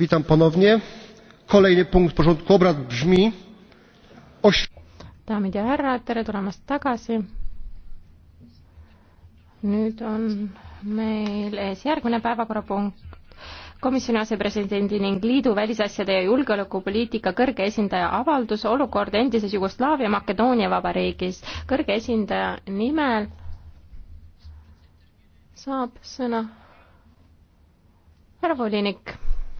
witam ponownie. kolejny punkt porządku obrad brzmi daamid ja härrad tere tulemast tagasi nüüd on meil ees järgmine päevakorrapunkt komisjoni asepresidendi ning liidu välisasjade ja julgeolekupoliitika kõrge esindaja avaldus olukord endises Jugoslaavia Makedoonia vabariigis. kõrge esindaja nimel saab sõna härra volinik